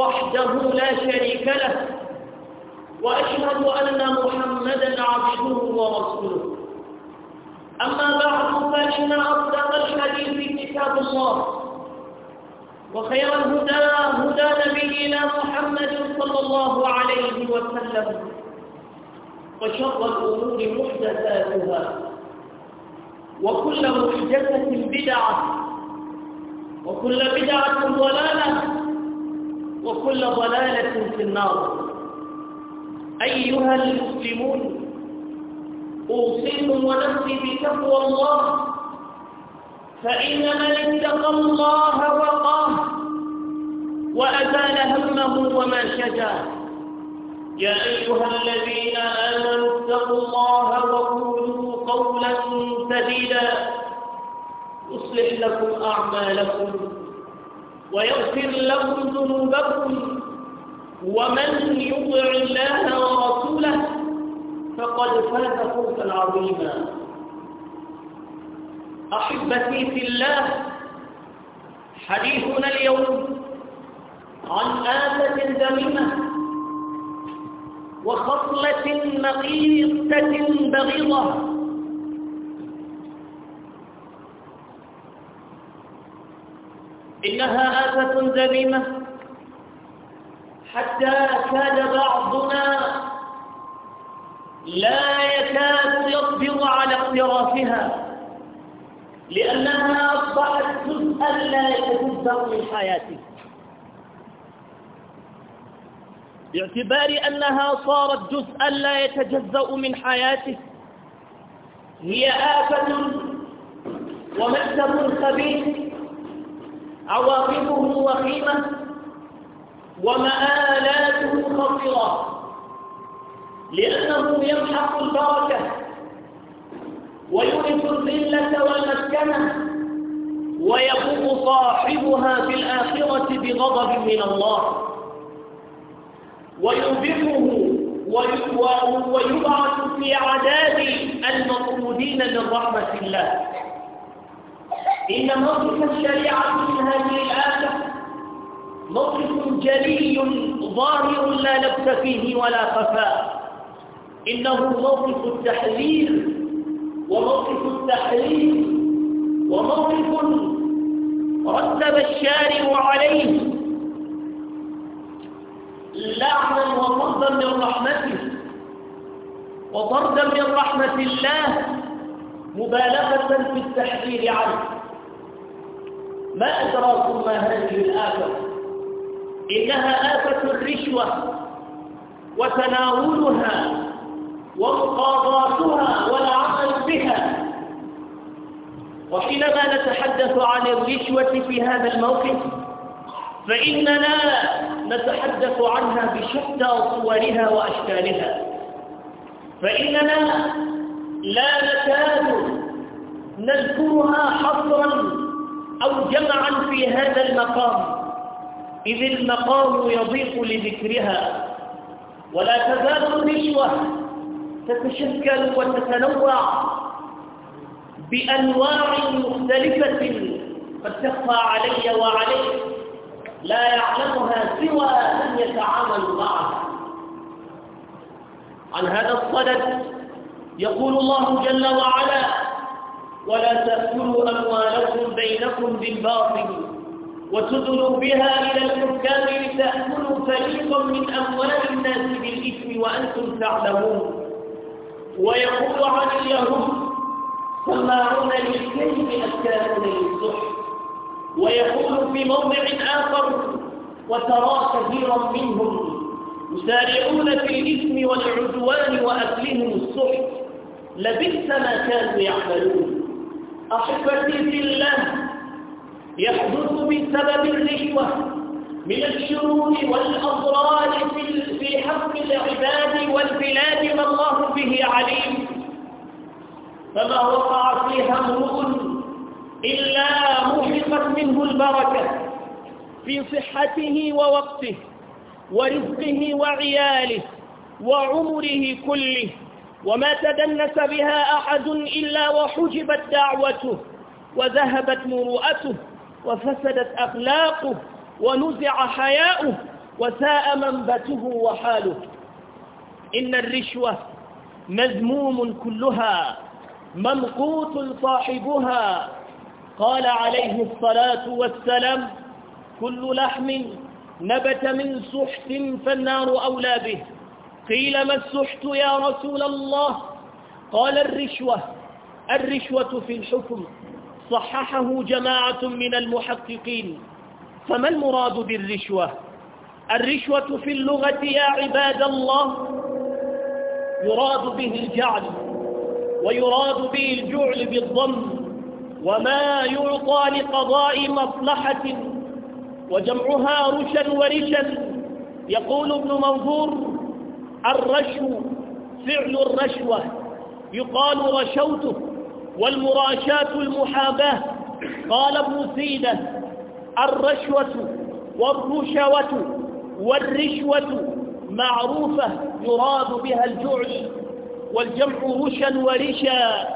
وحده لا شريك له وأشهد أن محمدا عبده ورسوله أما بعد فإن أصدق الحديث كتاب الله وخير الهدى هدى نبينا محمد صلى الله عليه وسلم وشر الأمور محدثاتها وكل محدثة بدعة وكل بدعة ضلالة وكل ضلالة في النار أيها المسلمون أوصيكم ونفسي بتقوى الله فإن من اتقى الله وقاه وأزال همه وما شجا يا أيها الذين آمنوا اتقوا الله وقولوا قولا سديدا يصلح لكم أعمالكم ويغفر لكم ذنوبكم ومن يطع الله ورسوله فقد فات فوزا عظيما احبتي في الله حديثنا اليوم عن آفة ذميمة وخصلة نقيصة بغيضة إنها آفة ذميمة حتى كان بعضنا لا يكاد يصبر على اقترافها لأنها أصبحت جزءا لا يتجزأ من حياته باعتبار أنها صارت جزءا لا يتجزأ من حياته هي آفة ومكتب خبيث عواقبه وخيمة ومآلاته خطرة لأنه يمحق البركة ويورث الذلة والمسكنة ويقوم صاحبها في الآخرة بغضب من الله وينبقه ويبعث في عذاب المطرودين من رحمة الله إن موقف الشريعة من هذه الآية موقف جلي ظاهر لا لبس فيه ولا خفاء إنه موقف التحذير وموقف التحريم وموقف رتب الشارع عليه لعنا وطردا من رحمته وطردا من رحمة الله مبالغة في التحذير عنه ما أدراكم ما هذه الآفة إنها آفة الرشوة وتناولها ومقاضاتها والعمل بها وحينما نتحدث عن الرشوة في هذا الموقف فإننا نتحدث عنها بشتى صورها وأشكالها فإننا لا نكاد نذكرها حصرا أو جمعا في هذا المقام إذ المقام يضيق لذكرها ولا تزال النشوة تتشكل وتتنوع بأنواع مختلفة قد تخفى علي وعليك لا يعلمها سوى من يتعامل معها عن هذا الصدد يقول الله جل وعلا ولا تأكلوا أموالكم بينكم بالباطل وتدلوا بها إلى الحكام لتأكلوا فريقا من أموال الناس بالإثم وأنتم تعلمون ويقول عن اليهود سماعون للكذب أكلون للسحر ويقول في موضع آخر وترى كثيرا منهم يسارعون في الإثم والعدوان وأكلهم السحر لبئس ما كانوا يعملون أحبتي في الله يحدث بسبب الرشوة من الشرور والأضرار في حق العباد والبلاد والله به عليم فما وقع فيها امرؤ إلا محقت منه البركة في صحته ووقته ورزقه وعياله وعمره كله وما تدنس بها أحد إلا وحجبت دعوته وذهبت مروءته وفسدت أخلاقه ونزع حياؤه وساء منبته وحاله إن الرشوة مذموم كلها ممقوت صاحبها قال عليه الصلاة والسلام كل لحم نبت من سحت فالنار أولى به قيل ما السحت يا رسول الله قال الرشوة الرشوة في الحكم صححه جماعة من المحققين فما المراد بالرشوة الرشوة في اللغة يا عباد الله يراد به الجعل ويراد به الجعل بالضم وما يعطى لقضاء مصلحة وجمعها رشا ورشا يقول ابن منظور الرشو فعل الرشوة يقال رشوته والمراشاة المحاباة قال ابن سيدة الرشوة والرشوة والرشوة معروفة يراد بها الجعل والجمع رشا ورشا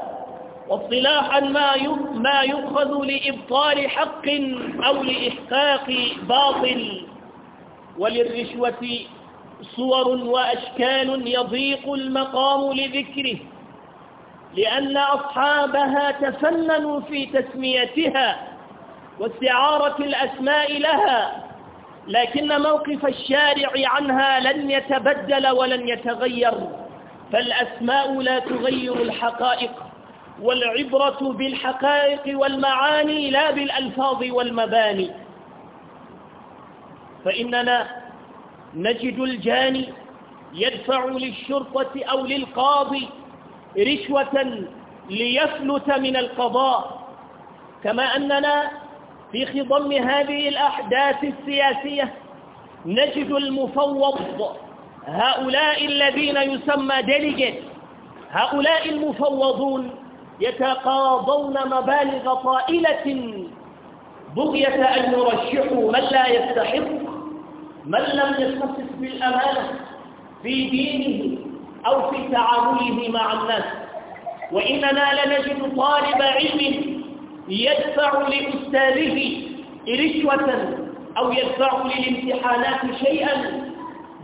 واصطلاحا ما ما يؤخذ لإبطال حق أو لإحقاق باطل وللرشوة صور وأشكال يضيق المقام لذكره لأن أصحابها تفننوا في تسميتها واستعارة الأسماء لها لكن موقف الشارع عنها لن يتبدل ولن يتغير فالأسماء لا تغير الحقائق والعبرة بالحقائق والمعاني لا بالألفاظ والمباني فإننا نجد الجاني يدفع للشرطة أو للقاضي رشوة ليفلت من القضاء كما أننا في خضم هذه الأحداث السياسية نجد المفوض هؤلاء الذين يسمى ديليجيت هؤلاء المفوضون يتقاضون مبالغ طائلة بغية أن يرشحوا من لا يستحق من لم يتصف بالأمانة في دينه أو في تعامله مع الناس وإننا لنجد طالب علم يدفع لأستاذه رشوة أو يدفع للامتحانات شيئا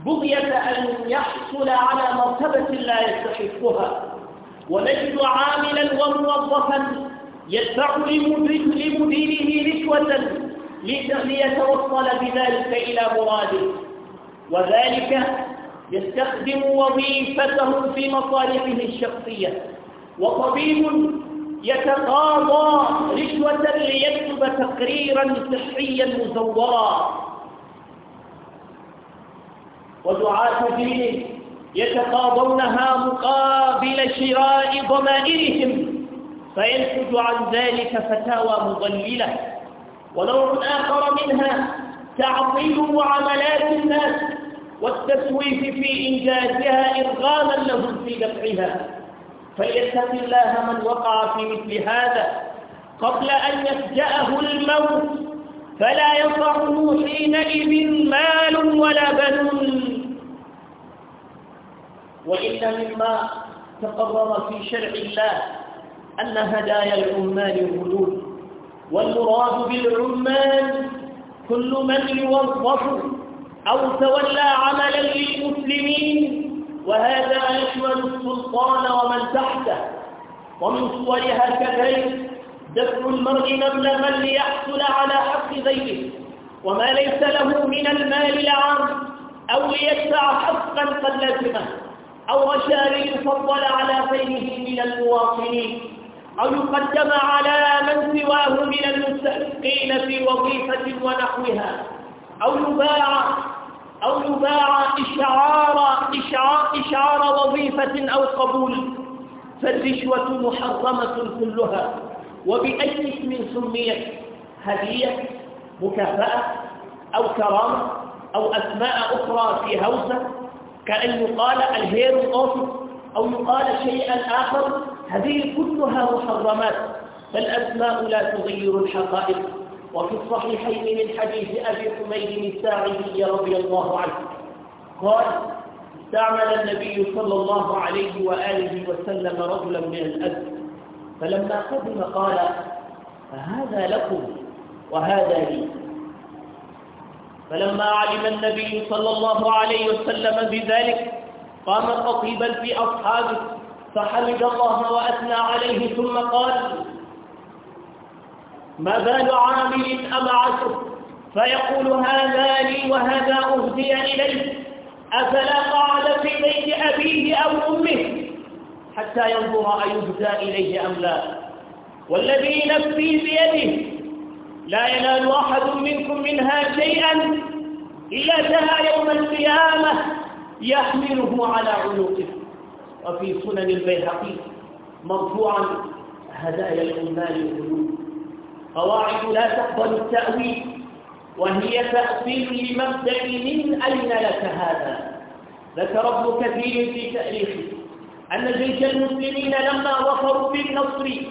بغية أن يحصل على مرتبة لا يستحقها ونجد عاملا وموظفا يدفع لمديره رشوة ليتوصل بذلك إلى مراده وذلك يستخدم وظيفته في مصالحه الشخصية وطبيب يتقاضى رشوة ليكتب تقريرا صحيا مزورا ودعاة دينه يتقاضونها مقابل شراء ضمائرهم فينتج عن ذلك فتاوى مضلله ونوع آخر منها تعطيل معاملات الناس والتسويف في إنجازها إرغاما لهم في دفعها فليتق الله من وقع في مثل هذا قبل أن يفجأه الموت فلا ينفعه حينئذ مال ولا بنون وإن مما تقرر في شرع الله أن هدايا العمال الغلول والمراد بالعمال كل من يوظف أو تولى عملا للمسلمين وهذا يشمل السلطان ومن تحته ومن صورها كذلك دفع المرء مبلغا ليحصل على حق ذيله وما ليس له من المال العام أو ليدفع حقا قد لزمه أو غشاء ليفضل على غيره من المواطنين أو يقدم على من سواه من المستحقين في وظيفة ونحوها أو يباع أو يباع إشعار إشعار, إشعار وظيفة أو قبول فالرشوة محرمة كلها وبأي اسم سميت هدية مكافأة أو كرامة أو أسماء أخرى في هوسة كأن يقال الهير أوفيس أو يقال شيئا آخر هذه كلها محرمات فالأسماء لا تغير الحقائق وفي الصحيحين من حديث أبي حميد الساعدي رضي الله عنه قال استعمل النبي صلى الله عليه وآله وسلم رجلا من الأسد فلما قدم قال هذا لكم وهذا لي فلما علم النبي صلى الله عليه وسلم بذلك قام خطيبا في أصحابه فحمد الله وأثنى عليه ثم قال ما بال عامل أبعثه فيقول هذا لي وهذا أهدي إليه أفلا قعد في بيت أبيه أو أمه حتى ينظر أيهدى إليه أم لا والذي نفسي بيده لا ينال أحد منكم منها شيئا إلا جاء يوم القيامة يحمله على عنقه وفي سنن البيهقي مرفوعا هدايا الأمال القلوب قواعد لا تقبل التأويل وهي تأصيل لمبدأ من أين لك هذا ذكر ابن كثير في تأريخه أن جيش المسلمين لما وفروا بالنصر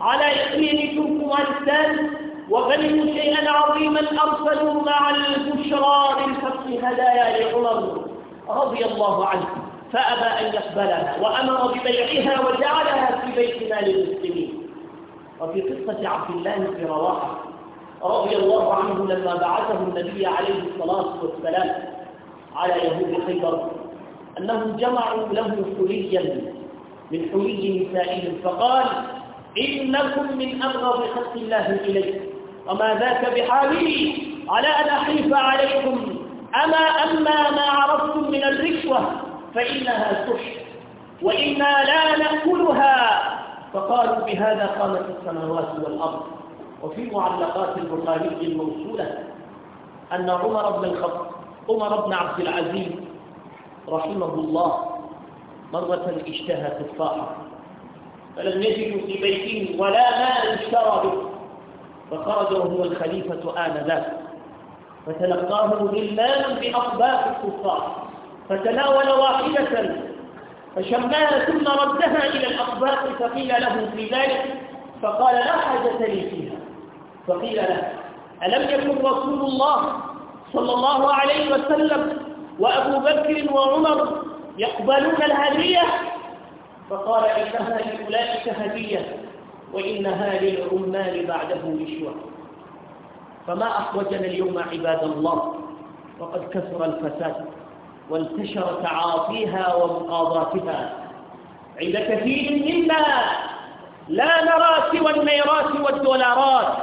على تركوا تركمانستان وغنموا شيئا عظيما أرسلوا مع البشرى للفتح هدايا لعمر رضي الله عنه فأبى أن يقبلها وأمر ببيعها وجعلها في بيت مال المسلمين وفي قصة عبد الله بن رواحة رضي الله عنه لما بعثه النبي عليه الصلاة والسلام على يهود خيبر أنهم جمعوا له حليا من حلي نسائهم فقال إنكم من أبغض خلق الله إليه وما ذاك بحالي على أن أحلف عليكم أما أما ما عرفتم من الرشوة فإنها تحشر وإنا لا نأكلها فقالوا بهذا قامت السماوات والأرض وفي معلقات البخاري الموصولة أن عمر بن الخطاب عمر بن عبد العزيز رحمه الله مرة اشتهى تفاحا فلم يجدوا في بيته ولا ماء اشترى به فخرج وهو الخليفة آنذاك فتلقاه غلمان بأطباق التفاح فتناول واحدة فشمها ثم ردها إلى الأطباق فقيل له في ذلك فقال لا حاجة لي فيها فقيل له ألم يكن رسول الله صلى الله عليه وسلم وأبو بكر وعمر يقبلون الهدية فقال إنها لأولئك هدية وإنها للعمال بعده نشوة فما أحوجنا اليوم عباد الله وقد كثر الفساد وانتشر تعاطيها ومقاضاتها عند كثير منا لا نرى سوى النيرات والدولارات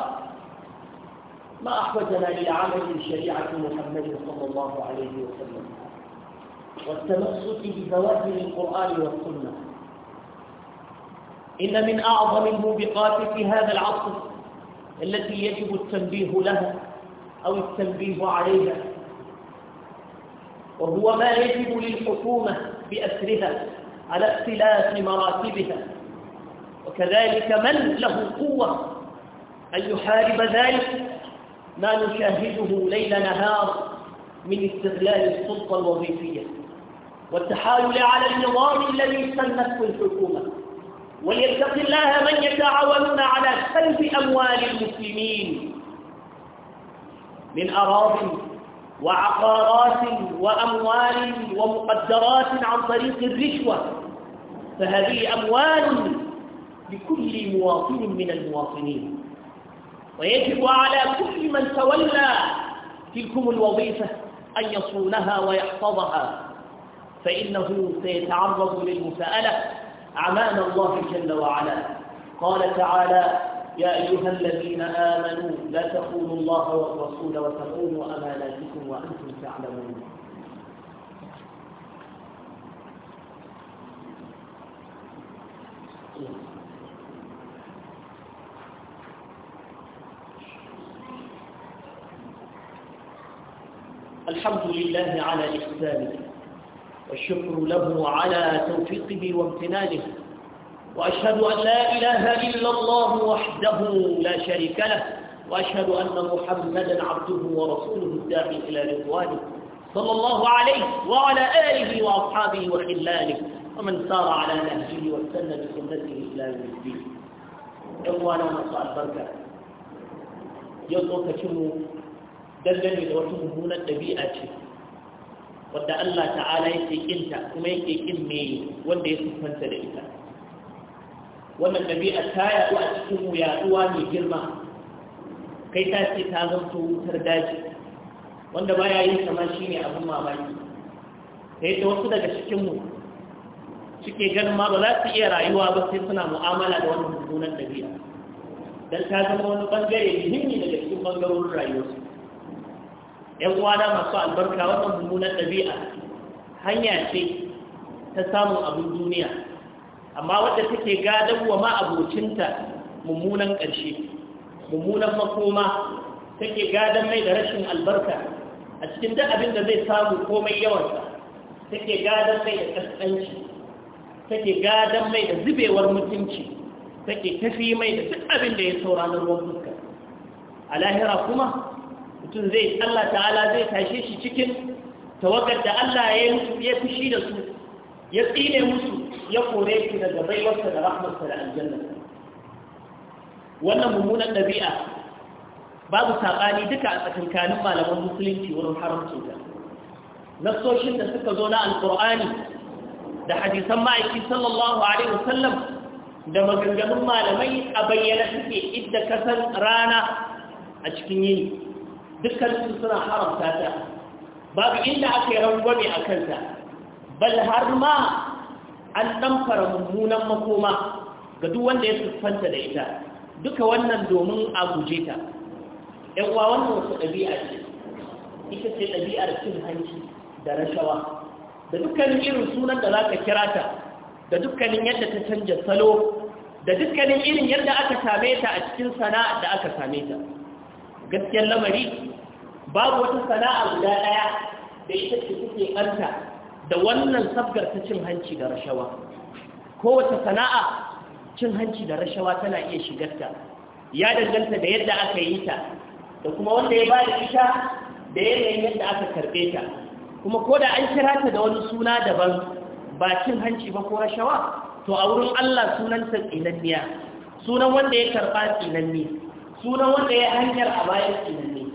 ما أحوجنا إلى عمل شريعة محمد صلى الله عليه وسلم والتمسك بزواجر القرآن والسنة إن من أعظم الموبقات في هذا العصر التي يجب التنبيه لها أو التنبيه عليها وهو ما يجب للحكومة بأسرها على اختلاف مراتبها وكذلك من له قوة أن يحارب ذلك ما نشاهده ليل نهار من استغلال السلطة الوظيفية والتحايل على النظام الذي سنته الحكومة وليتق الله من يتعاونون على سلب أموال المسلمين من أراضي وعقارات وأموال ومقدرات عن طريق الرشوة فهذه أموال لكل مواطن من المواطنين ويجب على كل من تولى تلكم الوظيفة أن يصونها ويحفظها فإنه سيتعرض للمساءلة أمام الله جل وعلا قال تعالى يا أيها الذين آمنوا لا تخونوا الله والرسول وتخونوا أماناتكم وأنتم تعلمون الحمد لله على إحسانه والشكر له على توفيقه وامتنانه وأشهد أن لا إله إلا الله وحده لا شريك له وأشهد أن محمدا عبده ورسوله الداعي إلى رضوانه صلى الله عليه وعلى آله وأصحابه وخلاله ومن سار على نهجه واستنى بسنته إلى يوم الدين إخوانا مساء البركة يوم كتمو دلني لوتم هنا الطبيعة wadda الله تعالى yake وما kuma مين وانت me wanda wannan ɗabi'a ta yaɗu a cikin mu mai girma kai ta ce ta zamto wutar daji wanda baya yi sama shi ne abin mamaki da yadda wasu daga cikinmu suke ganin ma ba za su iya rayuwa ba sai suna mu'amala da wannan mummunan ɗabi'a don ta zama wani ɓangare muhimmi daga cikin ɓangarorin rayuwarsu ‘yan uwana masu albarka wannan mummunan ɗabi'a hanya ce ta samun abin duniya amma wadda take gadon wa ma'abocinta mummunan ƙarshe mummunan makoma take gadon mai da rashin albarka a cikin duk abin da zai samu komai yawansa take gadon mai da ƙasƙanci take gadon mai da zubewar mutunci take tafi mai da duk abin da ya saura na ruwan fuska a lahira kuma mutum zai Allah ta'ala zai tashe shi cikin tawagar da Allah ya fushi da su ya tsine musu ya kore su daga baiwarsa da rahmarsa da aljanna wannan mummunan ɗabi'a babu saɓani duka a tsakankanin malaman musulunci wurin haramcin ta Nasoshin da suka zo na alƙur'ani da hadisan ma'aiki sallallahu alaihi wasallam da maganganun malamai a bayyana suke idda kasan rana a cikin yini dukkan su suna haramta ta babu inda aka yi rangwame a kanta bal har ma an ɗamfara mummunan makoma ga duk wanda ya siffanta da ita duka wannan domin a guje ta ‘yan uwa wannan wasu ɗabi'a ce ita ce ɗabi'ar cin hanci da rashawa da dukkanin irin sunan da za ka kira ta da dukkanin yadda ta canja salo da dukkanin irin yadda aka same ta a cikin sana'a da aka same ta gaskiyar lamari babu wata sana'a guda ɗaya da ita ce suke ɓanta da wannan sabgar ta cin hanci da rashawa kowace sana'a cin hanci da rashawa tana iya shigarta ya danganta da yadda aka yi ta da kuma wanda ya ba da ita da yanayin yadda aka karbe ta kuma ko da an kira ta da wani suna daban ba cin hanci ba ko rashawa to a wurin Allah sunansa tsinanniya sunan wanda ya karba tsinanni sunan wanda ya hanyar a bayan tsinanni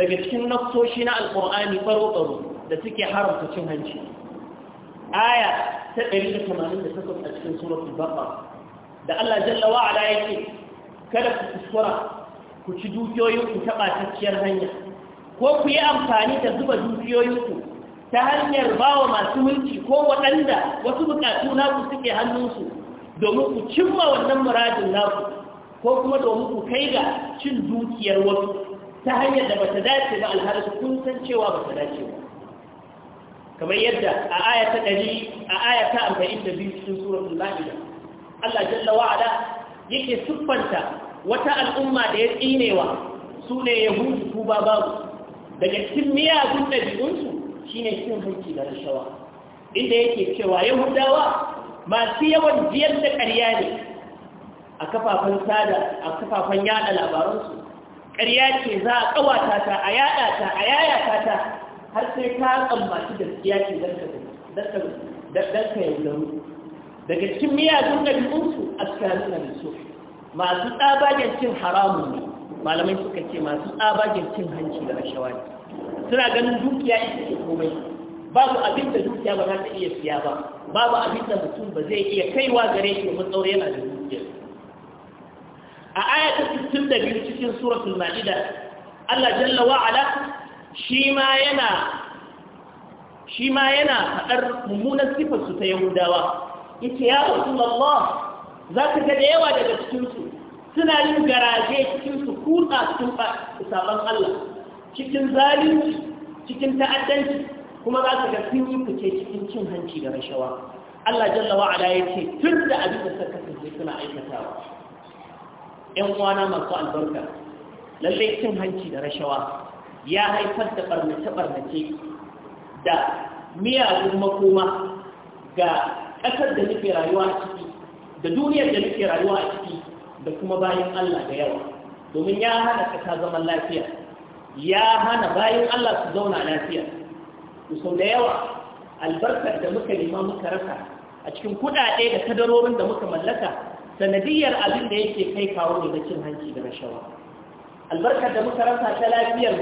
daga cikin nafsoshi na alkur'ani baro-baro da suke haramta cin hanci aya ta 188 a cikin suratul baqara da Allah jalla wa ala yake kada ku kuskura ku ci ku ta batacciyar hanya ko ku yi amfani da zuba dukiyoyinku ta hanyar bawa masu mulki ko waɗanda wasu bukatu naku suke hannunsu domin ku cimma wannan muradin naku ko kuma domin ku kai ga cin dukiyar wasu ta hanyar da bata dace ba alhari kun san cewa bata dace ba kamar yadda a aya ɗari a amfani da biyu cikin suratul ma'ida Allah jalla wa'ala yake siffanta wata al'umma da ya tsinewa su ne yahudu ku ba babu daga cikin miyagun ɗabi'unsu shi ne cin hanci da rashawa inda yake cewa yahudawa masu yawan biyar da ƙarya ne a kafafen sada a kafafen yada labaransu ƙarya ce za a ƙawata ta a yada ta a yayata ta har sai ka tsammaci gaskiya ke don ka yaudaru daga cikin miyagun ɗabi'unsu a tsakanin na su masu tsabagen cin haramun ne malamai suka ce masu tsabagen cin hanci da rashawa ne suna ganin dukiya ita ce komai babu abin da dukiya ba za ta iya siya ba babu abin da mutum ba zai iya kaiwa gare shi matsauri yana da dukiya a aya ta 62 cikin suratul ma'ida Allah jalla wa shi ma yana haɗar ma yana faɗar mummunan sifarsu ta yahudawa yake ya rasulullah za ka ga da yawa daga cikinsu suna yin garaje cikinsu kuɗa cikin sabon Allah cikin zalunci cikin ta'addanci kuma za ka ga sun yi fice cikin cin hanci da rashawa Allah jalla wa ala yake tur da abin da suka kasance suna aikatawa ƴan uwana masu albarka lallai cin hanci da rashawa ya haifar da barnace-barnace da miyagun makoma ga ƙasar da nake rayuwa a ciki da duniyar da nake rayuwa a ciki da kuma bayan Allah da yawa domin ya hana ƙasa zaman lafiya ya hana bayan Allah su zauna lafiya sau da yawa albarkar da muka nema muka rasa a cikin kuɗaɗe da kadarorin da muka mallaka sanadiyar abin da yake kai kawo ne na cin hanci da rashawa albarkar da muka rasa ta lafiyar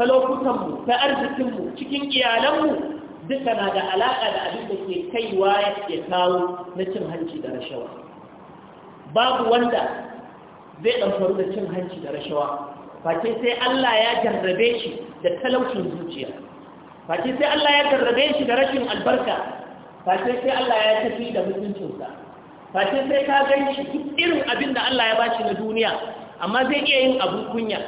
ta lokutanmu ta arzikinmu cikin iyalanmu duka na da alaƙa da abin da ke kaiwa ya kawo na cin hanci da rashawa babu wanda zai ɗanfaru da cin hanci da rashawa Fati sai Allah ya jarrabe shi da talaucin zuciya Fati sai Allah ya jarrabe shi da rashin albarka Fati sai Allah ya tafi da mutuncinsa Fati sai ka gan shi duk irin abin da Allah ya shi na duniya amma zai iya yin abin kunya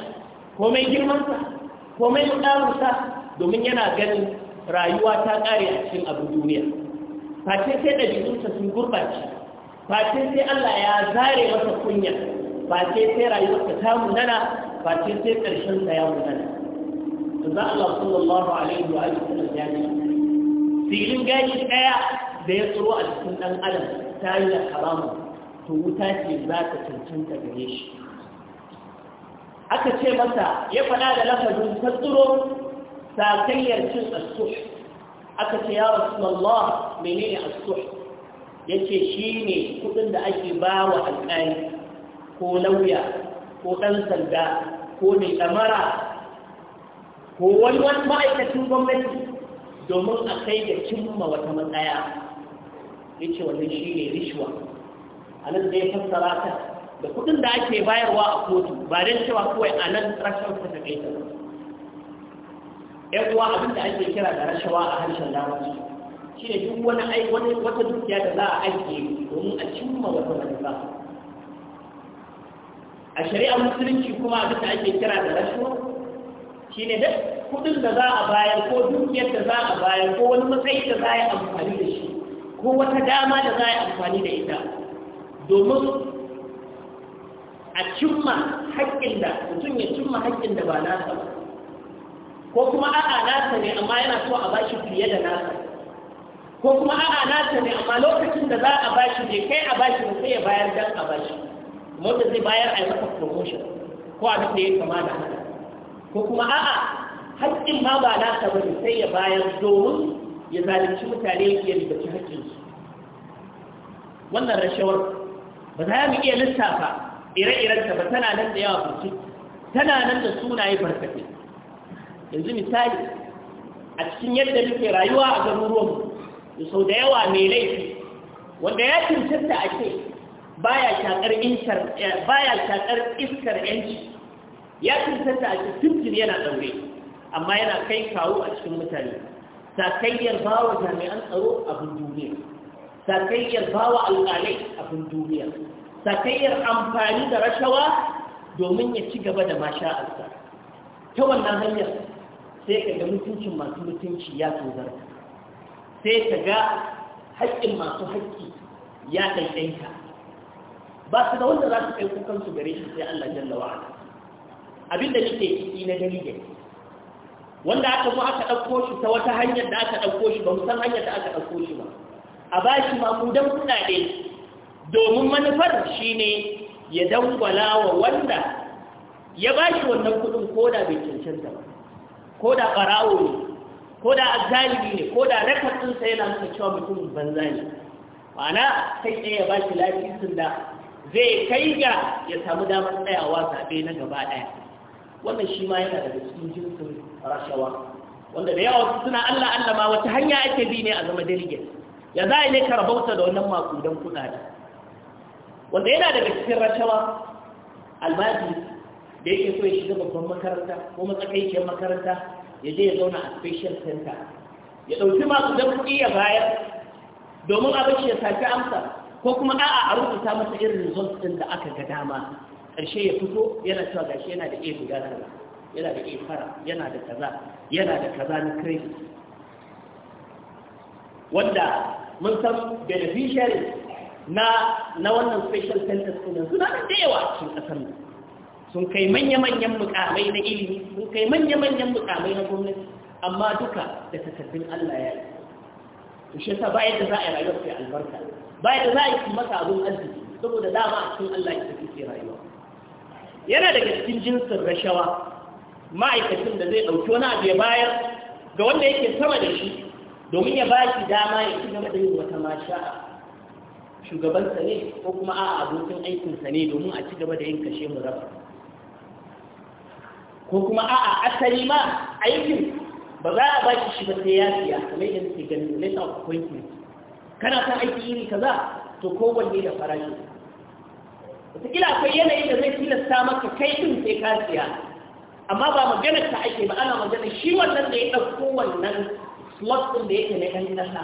komai girmansa komai mukaminsa domin yana ganin rayuwa ta ƙare a cikin abin duniya face sai ɗabi'unsa sun gurɓace face sai Allah ya zare masa kunya face sai rayuwarsa ta munana face sai ƙarshensa ya munana za Allah sallallahu alaihi wa sallam ya ce filin gashi ɗaya da ya tsoro a cikin ɗan adam ta yi karamu to wuta ce za ta cancanta gare shi aka ce masa ya faɗa da lafazin tatturo sakayyar cin asuh aka ce ya rasulallah menene asuh ya ce shi ne kudin da ake ba wa alƙari ko lauya ko ɗan sanda ko mai ɗamara ko wani wani ma'aikacin gwamnati domin a kai da cimma wata matsaya ya ce wannan shi ne rishwa a nan zai fassara ta da kudin da ake bayarwa a kotu ba don cewa kawai a nan rashin ta kai ta yan uwa abin da ake kira da rashawa a harshen lamarci shi ne duk wani ai wani wata dukiya da za a ajiye domin a cimma wata manufa a shari'ar musulunci kuma abin da ake kira da rashawa shi ne duk kudin da za a bayar ko dukiyar da za a bayar ko wani matsayi da za a yi amfani da shi ko wata dama da za a yi amfani da ita domin a cimma haƙƙin da mutum ya cimma haƙƙin da ba nasa ba ko kuma a'a nasa ne amma yana so a bashi fiye da nasa ko kuma a'a nasa ne amma lokacin da za a bashi ne kai a bashi ne sai ya bayar dan a bashi motsa zai bayar a yi maka promotion ko a duk da ya kama da haka ko kuma a'a haƙƙin ma ba nasa ba ne sai ya bayar domin ya zalunci mutane ya ribaci haƙƙinsu wannan rashawar ba za mu iya lissafa ire-iren ta ba tana nan da yawa barci tana nan da sunaye barkatai yanzu misali a cikin yadda muke rayuwa a garuruwan da sau da yawa mai laifi wanda ya cancanta a ce baya shakar iskar yanci ya cancanta a ce tuntun yana ɗaure amma yana kai kawo a cikin mutane sakayyar bawa jami'an tsaro bin duniya sakayyar bawa alƙalai bin duniya sakayyar amfani da rashawa domin ya ci gaba da masha'arsa ta wannan hanyar sai ka ga mutuncin masu mutunci ya tozar sai ka ga haƙƙin masu haƙƙi ya ɗanɗanka. ba su da wanda za su kai kukansu gare shi sai Allah jalla abin abinda nake ciki na dalilin wanda aka zo aka ɗauko shi ta wata hanyar da aka ɗauko shi ba san hanyar da aka ɗauko shi ba a ba shi makudan kuɗaɗe domin manufar shi ne ya dangwala wa wanda ya ba shi wannan kudin koda bai cancanta ba koda ɓarawo ne koda azalibi ne koda rakatsinsa yana nuna cewa mutum banza ne ma'ana kai ɗaya ya ba shi lafisun da zai kai ga ya samu damar tsayawa zaɓe na gaba ɗaya wannan shi ma yana daga cikin jinsin rashawa wanda da yawa suna Allah Allah ma wata hanya ake bi ne a zama delegate ya za a ne ka rabauta da wannan makudan kuɗaɗe wanda yana daga cikin rashawa almajiri da yake so ya shiga babban makaranta ko matsakaiciyar makaranta ya je ya zauna a special center ya ɗauki masu don kuɗi ya bayar domin abin ya sake amsa ko kuma a'a a rubuta masa irin result ɗin da aka ga dama ƙarshe ya fito yana cewa gashi yana da a guda kaza yana da a fara yana da kaza yana da kaza na credit wanda mun san beneficiaries na na wannan special centers din suna da yawa a cikin kasar nan. sun kai manya-manyan mukamai na ilimi sun kai manya-manyan mukamai na gwamnati amma duka da takardun Allah ya yi to shi yasa bayan da za a yi rayuwar sai albarka bayan da za a yi masa abun arziki saboda dama a cikin Allah ya tafi sai rayuwa yana daga cikin jinsin rashawa ma'aikacin da zai ɗauki wani abu ya bayar ga wanda yake sama da shi domin ya ba shi dama ya ci gaba da yin wata masha'a shugabansa ne ko kuma a abokin aikinsa ne domin a ci gaba da yin kashe mu raba ko kuma a asali ma aikin ba za a baki shi ba sai ya siya kamar yadda ke gani ne ta appointment kana san aiki iri kaza to kowanne da farashi wataƙila akwai yanayi da zai tilasta maka kai ɗin sai ka siya amma ba maganar ta ake ba ana magana shi wannan da ya ɗauko wannan slot ɗin da yake na ɗan ƙasa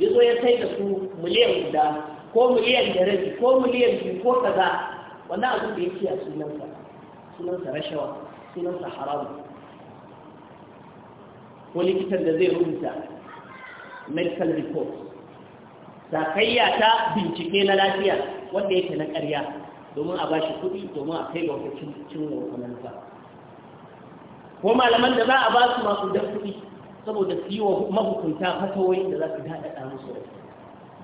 ya zo ya sai da su miliyan guda ko miliyan da rabi ko miliyan biyu ko kaza wannan abin da yake a sunansa sunansa rashawa sunansa haramu ko likitan da zai rubuta medical report sakayya ta bincike na lafiya wanda yake na ƙarya domin a bashi kuɗi domin a kai ga wata cin manufa ko malaman da za a ba su masu dan kuɗi saboda su yi wa mahukunta fatawoyin da za su daɗaɗa musu rai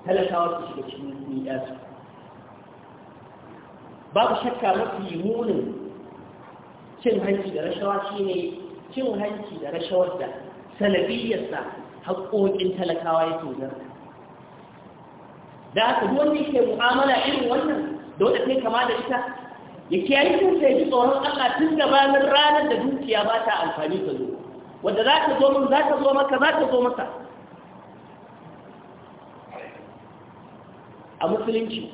talakawa su shiga cikin miƙasu babu shakka mafi munin cin hanci da rashawa shi ne cin hanci da rashawar da salabiyarsa haƙoƙin talakawa ya tozar da aka duwanda yake mu'amala irin wannan da wadda ta kama da ita ya kiyaye sun sai ji tsoron Allah tun gabanin ranar da dukiya ba ta amfani ta zo wadda za ta zo min za ta zo maka za ta zo masa a musulunci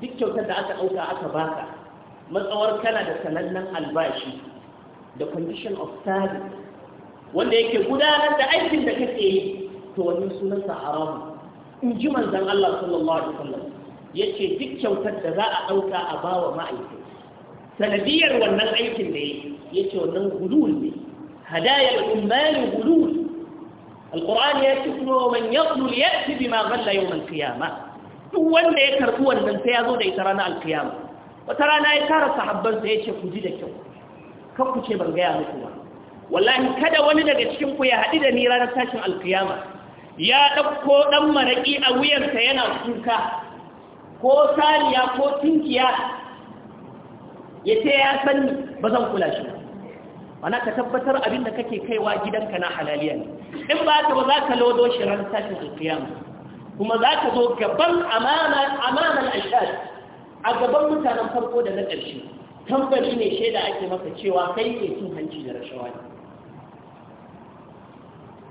duk kyautar da aka ɗauka aka baka matsawar kana da sanannen albashi da condition of service wanda yake gudanar da aikin da kake yi to wannan sunansa haramu in ji manzon Allah sallallahu alaihi wasallam yace duk kyautar da za a ɗauka a bawa ma'aikata sanadiyar wannan aikin da ce wannan gulul ne hadaya al-ummal gulul القرآن يأتي ومن يغلل يأتي بما غل يوم القيامة duk wanda ya karɓi wannan sai ya zo da ita rana alkiyama wata rana ya tara sahabbansa ya ce ku ji da kyau kan ku ce ban gaya muku ba wallahi kada wani daga cikin ku ya haɗu da ni ranar tashin alkiyama ya ɗauko ɗan maraƙi a wuyansa yana kuka ko saniya ko tunkiya ya ce ya san ba zan kula shi ana ka tabbatar abin da kake kaiwa gidanka na halaliya ne in ba ka ba za ka lodo shi ranar tashin alkiyama kuma za ka zo gaban amanar ashad a gaban mutanen farko da na ƙarshe tambari ne shaida ake maka cewa kai ke cin hanci da rashawa ne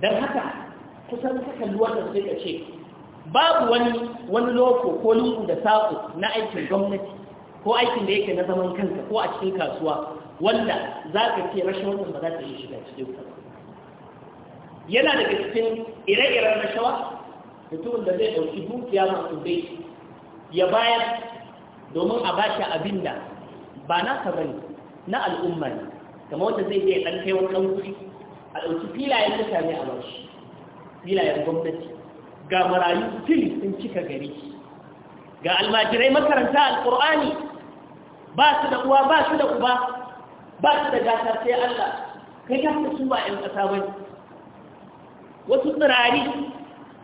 don haka kusan saka wannan sai ka ce babu wani wani loko ko lungu da saƙo na aikin gwamnati ko aikin da yake na zaman kanka ko a cikin kasuwa wanda za ka ce rashawar da ba za ta yi shiga cikin yana daga cikin ire-iren mutumin da zai ɗauki dukiya masu bai ya bayar domin a bashi abin da ba naka bane na al'umma ne kamar wanda zai je ɗan kai wani kuɗi a ɗauki filayen mutane a bashi filayen gwamnati ga marayu fili sun cika gari ga almajirai makaranta alƙur'ani ba su da uwa ba su da uba ba su da gasa, sai Allah kai ka su ba 'yan ƙasa bane wasu tsirari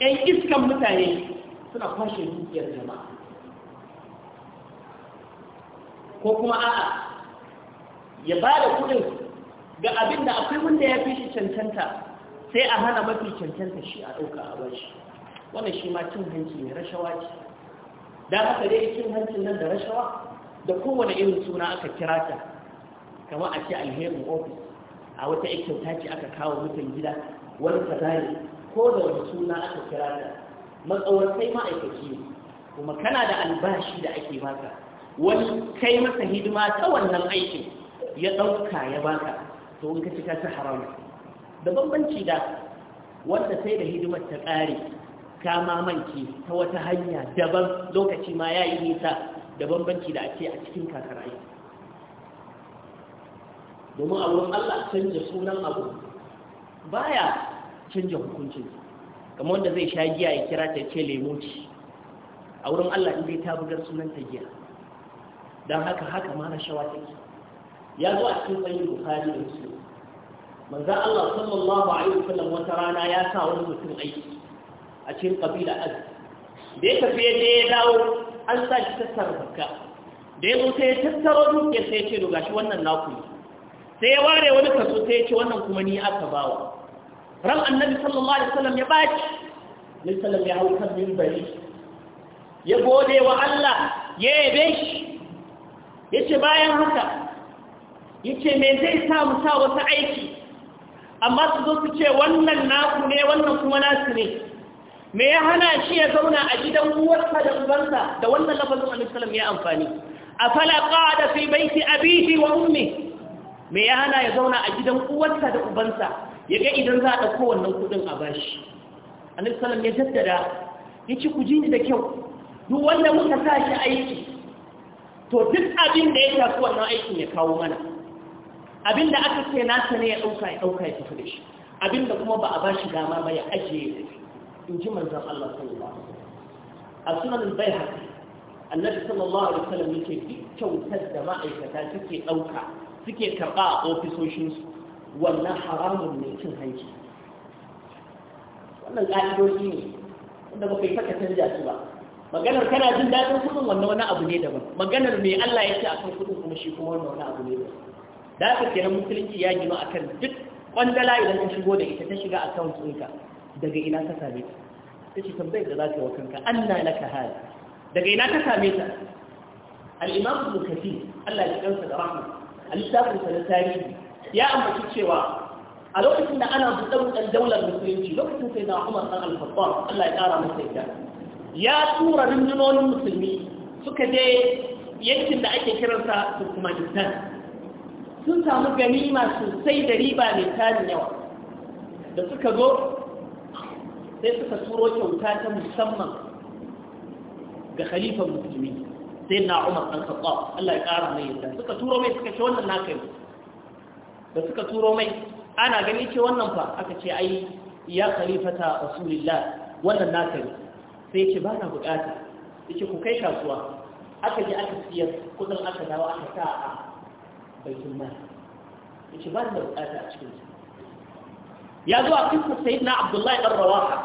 ‘yan iskan mutane suna kwashe dukiyar jama'a ko kuma a'a ya ba da kudin ga abin da akwai wanda ya fi shi cancanta sai a hana mafi cancanta shi a ɗauka a bashi wannan shi ma cin hanci ne rashawa ce don haka dai cin hancin nan da rashawa da kowane irin suna aka kira ta kamar a ce alherin ofis a wata kyauta ce aka kawo mutum gida wani kaza ne ko da wani suna aka kira ta matsawar ma'aikaci ne kuma kana da albashi da ake baka wani kai masa hidima ta wannan aikin ya ɗauka ya baka to in ka cika ta haram da bambanci da wanda sai da hidimar ta ƙare ka mamanci ta wata hanya daban lokaci ma ya yi nisa da bambanci da ake a cikin kakar domin a wurin allah canja sunan abu baya canja hukuncin kamar wanda zai sha giya ya kira ta ce lemoci. a wurin Allah in dai ta bugar sunan ta giya dan haka haka ma ta take ya zo a cikin sahih bukhari da su manzo Allah sallallahu alaihi wasallam wata rana ya sa wani mutum aiki a cikin kabila az da ya tafi da ya dawo an sa shi tattara zakka da ya zo sai ya tattaro ya sai ya ce to gashi wannan naku sai ya ware wani kaso sai ya ce wannan kuma ni aka bawa ran annabi sallallahu alaihi wasallam ya baci ne sallam ya hau kan minbari ya gode wa Allah ya yabe shi yace bayan haka yace me zai sa mu sa wasu aiki amma su zo su ce wannan naku ne wannan kuma nasu ne me ya hana shi ya zauna a gidan uwarsa da ubansa da wannan lafazin annabi sallam ya amfani afala qada fi baiti abihi wa ummi me ya hana ya zauna a gidan uwarsa da ubansa ya ga idan za a ɗauko wannan kuɗin a bashi annabi sallam ya jaddada ya ci ku jini da kyau duk wanda muka sa shi aiki to duk abin da ya tafi wannan aikin ya kawo mana abin da aka ce nasa ne ya ɗauka ya ɗauka ya tafi da shi abin da kuma ba a bashi dama ba ya ajiye in ji manzan Allah sallallahu a sunan bai haka annabi sallallahu alaihi wasallam yake kyautar da ma'aikata suke ɗauka suke karɓa a ofisoshinsu wannan haramun ne cin hanci wannan ƙa'idoji ne wanda ba kai saka canja su ba maganar kana jin daɗin kuɗin wannan wani abu ne daban maganar mai Allah ya ce a kan kuɗin kuma shi kuma wannan wani abu ne daban da haka kenan musulunci ya gino a kan duk ƙwandala idan ka shigo da ita ta shiga akawun tsinka. daga ina ka same ta ta ce tambayar da za ka yi wa kanka an na ka hali daga ina ka same ta al'imam bukati Allah ya kansa da rahama a littafin sa na tarihi ya ambaci cewa a lokacin da ana buɗe-buɗen daular musulunci lokacin sai na umar ɗan alfasar Allah ya ƙara masa yadda ya tura rundunonin musulmi suka je yankin da ake kiransa su kuma sun samu ganima sosai da riba mai tarin yawa da suka zo sai suka turo kyauta ta musamman ga khalifan musulmi sai na umar ɗan alfasar Allah ya ƙara mai yadda suka turo mai suka ce wannan na kai da suka turo mai ana gani ce wannan fa aka ce ai ya khalifata rasulillah wannan naka sai ce ba na bukata yace ku kai kasuwa aka je aka siyar kudin aka dawo aka sa a baitul mal yace ba bukata a cikin ya zo a cikin sayyidina abdullahi dan rawaha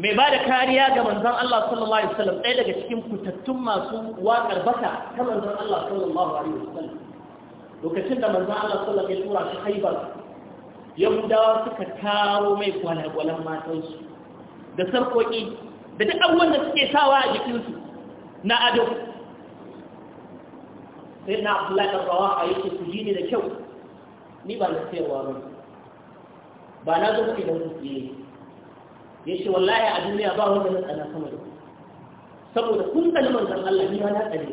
mai bada kariya ga manzon Allah sallallahu alaihi wasallam ɗaya daga cikin kutattun masu waƙar bata ta manzon Allah sallallahu alaihi wasallam lokacin da manzan Allah sallallahu alaihi wasallam ya tura shi Haibar Yahudawa suka taro mai kwalagwalan matansu da sarkoki da duk abubuwan da suke sawa a jikinsu na ado sai na Abdullahi ɗan a yake ku ji ni da kyau ni ba na sayarwa ba ba na zo kuke da kuke ne ya ce wallahi a duniya ba wanda na tsana sama da saboda kun tsani manzan Allah ni ma na tsane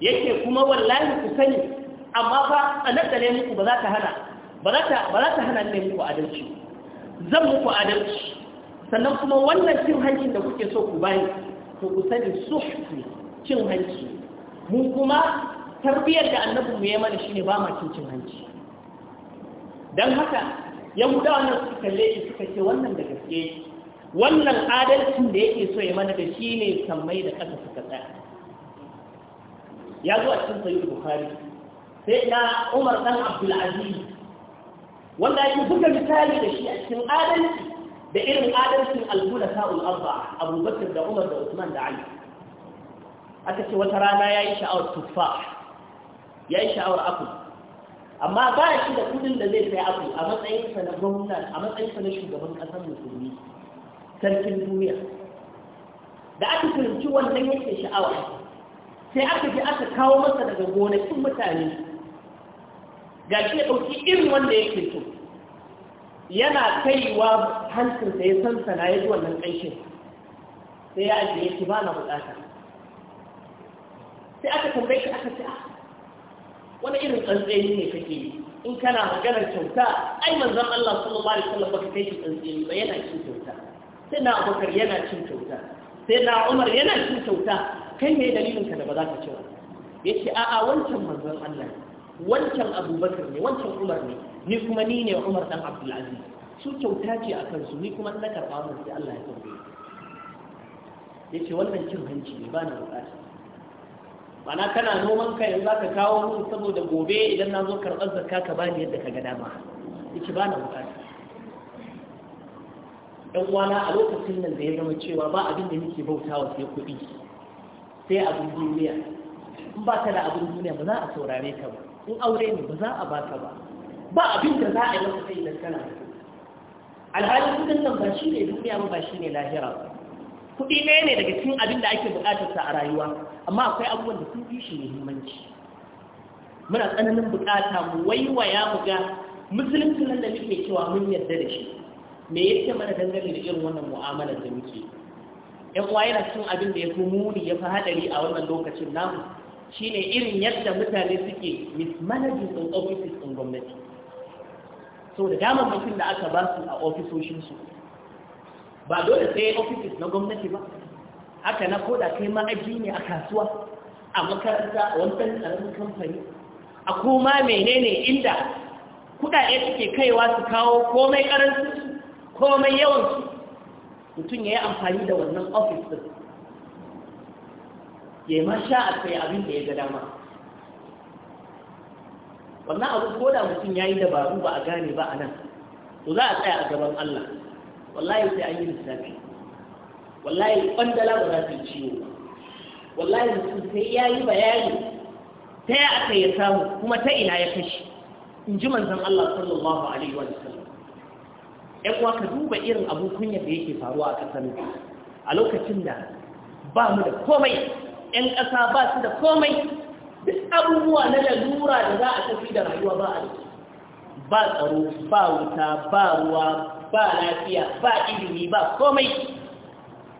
yake kuma wallahi ku sani amma fa a da ne muku ba za ta hana ba za ta hana ne muku adalci zan muku adalci sannan kuma wannan cin hanci da kuke so ku bani to ku sani su cin hanci mu kuma tarbiyyar da annabin mu ya mana shine ba ma cin cin hanci dan haka yahuda wannan suka kalle shi suka ce wannan da gaske wannan adalcin da yake so ya mana da shine sammai da kasa suka tsaya ya zo a cikin sahihu bukhari sai na umar ɗan abdulaziz wanda ake buga misali da shi a cikin adalci da irin adalcin albula sa'ul arba abubakar da umar da usman da ali aka ce wata rana ya yi sha'awar tuffa ya yi sha'awar apple amma ba shi da kudin da zai sai apple a matsayinsa na gwamna a matsayinsa na shugaban ƙasar musulmi sarkin duniya da aka fahimci wannan yake sha'awa sai aka je aka kawo masa daga gonakin mutane ga shi ya ɗauki irin wanda yake so yana kaiwa hancinsa ya sansana ya ji wannan ƙanshin sai ya ajiye shi ba na buƙata sai aka tambaye shi aka ce ah, wani irin tsantsayi ne kake yi in kana maganar kyauta ai manzon Allah sallallahu alaihi wasallam baka kai shi tsantsayi ba yana cin kyauta sai na Abubakar yana cin kyauta sai na Umar yana cin kyauta kai ne dalilin ka da ba za ka ci ba yace a'a wancan manzon Allah wancan abubakar ne wancan umar ne ni kuma ni ne umar dan abdulaziz su kyauta ce a kansu ni kuma na karɓa wannan sai Allah ya tambaye ya ce wannan cin hanci ne ba na buƙata mana kana noman ka yanzu ka kawo mun saboda gobe idan na zo karɓar zakka ka bani yadda ka ga dama ya ce ba na buƙata ɗan uwana a lokacin nan da ya zama cewa ba abin da nake bautawa sai kuɗi sai abin duniya in ba ka da abin duniya ba za a saurare ka ba in aure ne ba za a ba ta ba ba abin da za a yi masa sai idan kana alhalin kudin nan ba shi ne duniya ba shi ne lahira ba kuɗi ɗaya ne daga cikin abin da ake buƙatar sa a rayuwa amma akwai abubuwan da sun fi shi muhimmanci muna tsananin buƙata mu waiwaya mu ga musulunci nan da muke cewa mun yarda da shi me yake mana dangane da irin wannan mu'amalar da muke yan uwa yana cikin abin da ya fi muni ya fi haɗari a wannan lokacin namu shine irin yadda mutane suke mismanaging ɗin ofisis ɗin gwamnati so da damar mutum da aka ba su a ofisoshinsu ba dole sai ofisis na gwamnati ba haka na koda kai ma'aji ne a kasuwa a makaranta a wancan ƙaramin kamfani a kuma menene inda kuɗaɗe suke kaiwa su kawo komai ƙaransu komai yawansu mutum ya yi amfani da wannan ofis ya ma sha a kai abin da ya ga dama wannan abu ko da mutum ya yi dabaru ba a gane ba a nan to za a tsaya a gaban Allah wallahi sai an yi lissafi wallahi bandala ba za su yi ciwo wallahi mutum sai ya yi bayani ta ya aka ya samu kuma ta ina ya kashi in ji manzan Allah sallallahu alaihi wa sallam ƴan uwa ka duba irin abun kunya da yake faruwa a ƙasar a lokacin da ba mu da komai ‘yan ƙasa ba su da komai duk abubuwa na lalura da za a tafi da rayuwa ba a ba tsaro ba wuta ba ruwa ba lafiya ba ilimi ba komai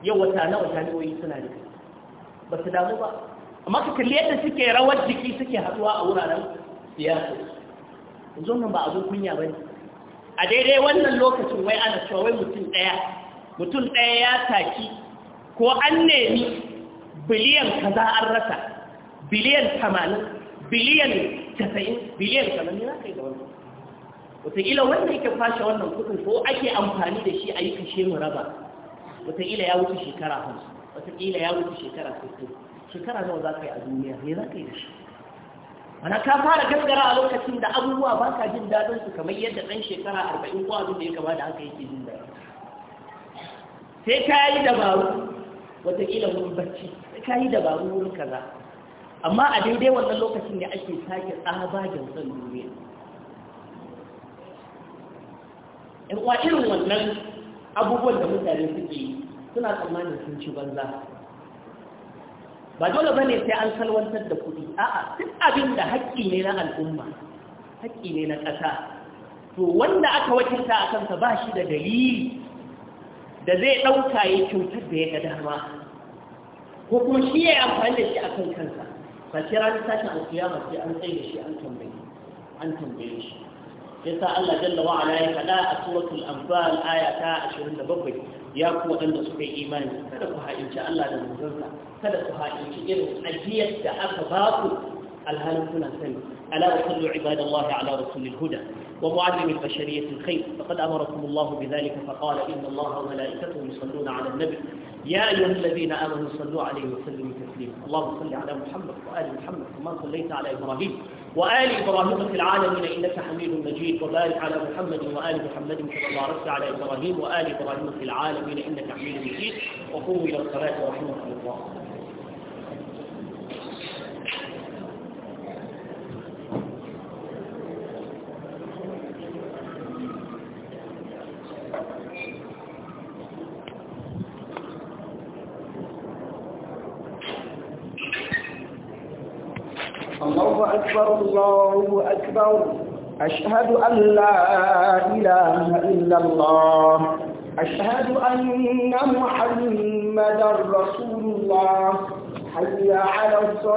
yau wata na wata ne suna da ba su damu ba amma ka kalli yadda suke rawar jiki suke haɗuwa a wuraren siyasa yanzu nan ba abin kunya ba ne a daidai wannan lokacin wai ana cewa wai mutum ɗaya mutum ɗaya ya taki ko an nemi biliyan kaza an rasa biliyan tamanin biliyan casa'in biliyan tamanin yana kai da wannan wataƙila wanda yake kwashe wannan kudin ko ake amfani da shi a yi kashe mu raba wataƙila ya wuce shekara hamsin wataƙila ya wuce shekara sittin shekara nawa za ka yi a duniya me za ka yi da shi ana ka fara gaskara a lokacin da abubuwa ba ka jin daɗin su kamar yadda ɗan shekara arba'in ko abin da ya kama da haka yake jin daɗi sai ka yi dabaru wataƙila wani bacci ka yi dabaru wurin kaza amma a daidai wannan lokacin da ake sake tsabagen son duniya in kuwa irin wannan abubuwan da mutane suke suna tsammanin sun ci banza ba dole ba ne sai an salwantar da kuɗi a'a duk abin da haƙƙi ne na al'umma haƙƙi ne na ƙasa to wanda aka wakilta a kansa ba shi da dalili da zai ɗauka ya kyautar da ya ga dama ko kuma shi ya amfani da shi a kan kansa ba sai ranar tashin alkiyama sai an tsaye da shi an tambaye an tambaye shi yasa Allah jalla wa ala ya faɗa a suratul anfal aya ta 27 ya ku waɗanda suka yi imani kada ku ha'inci Allah da manzonsa kada ku ha'inci irin ajiyar da aka ba ku alhalin kuna sani ala wa sallu ibadallahi ala rasulil huda ومعلم البشرية الخير فقد أمركم الله بذلك فقال إن الله وملائكته يصلون على النبي يا أيها الذين آمنوا صلوا عليه وسلموا تسليما اللهم صل على محمد وآل محمد كما صليت على إبراهيم وآل إبراهيم في العالمين إنك حميد مجيد وبارك على محمد وآل محمد كما باركت على إبراهيم وآل إبراهيم في العالمين إنك حميد مجيد وقوموا إلى الصلاة ورحمة الله أكبر الله أكبر أشهد أن لا إله إلا الله أشهد أن محمدا رسول الله حي على الصلاة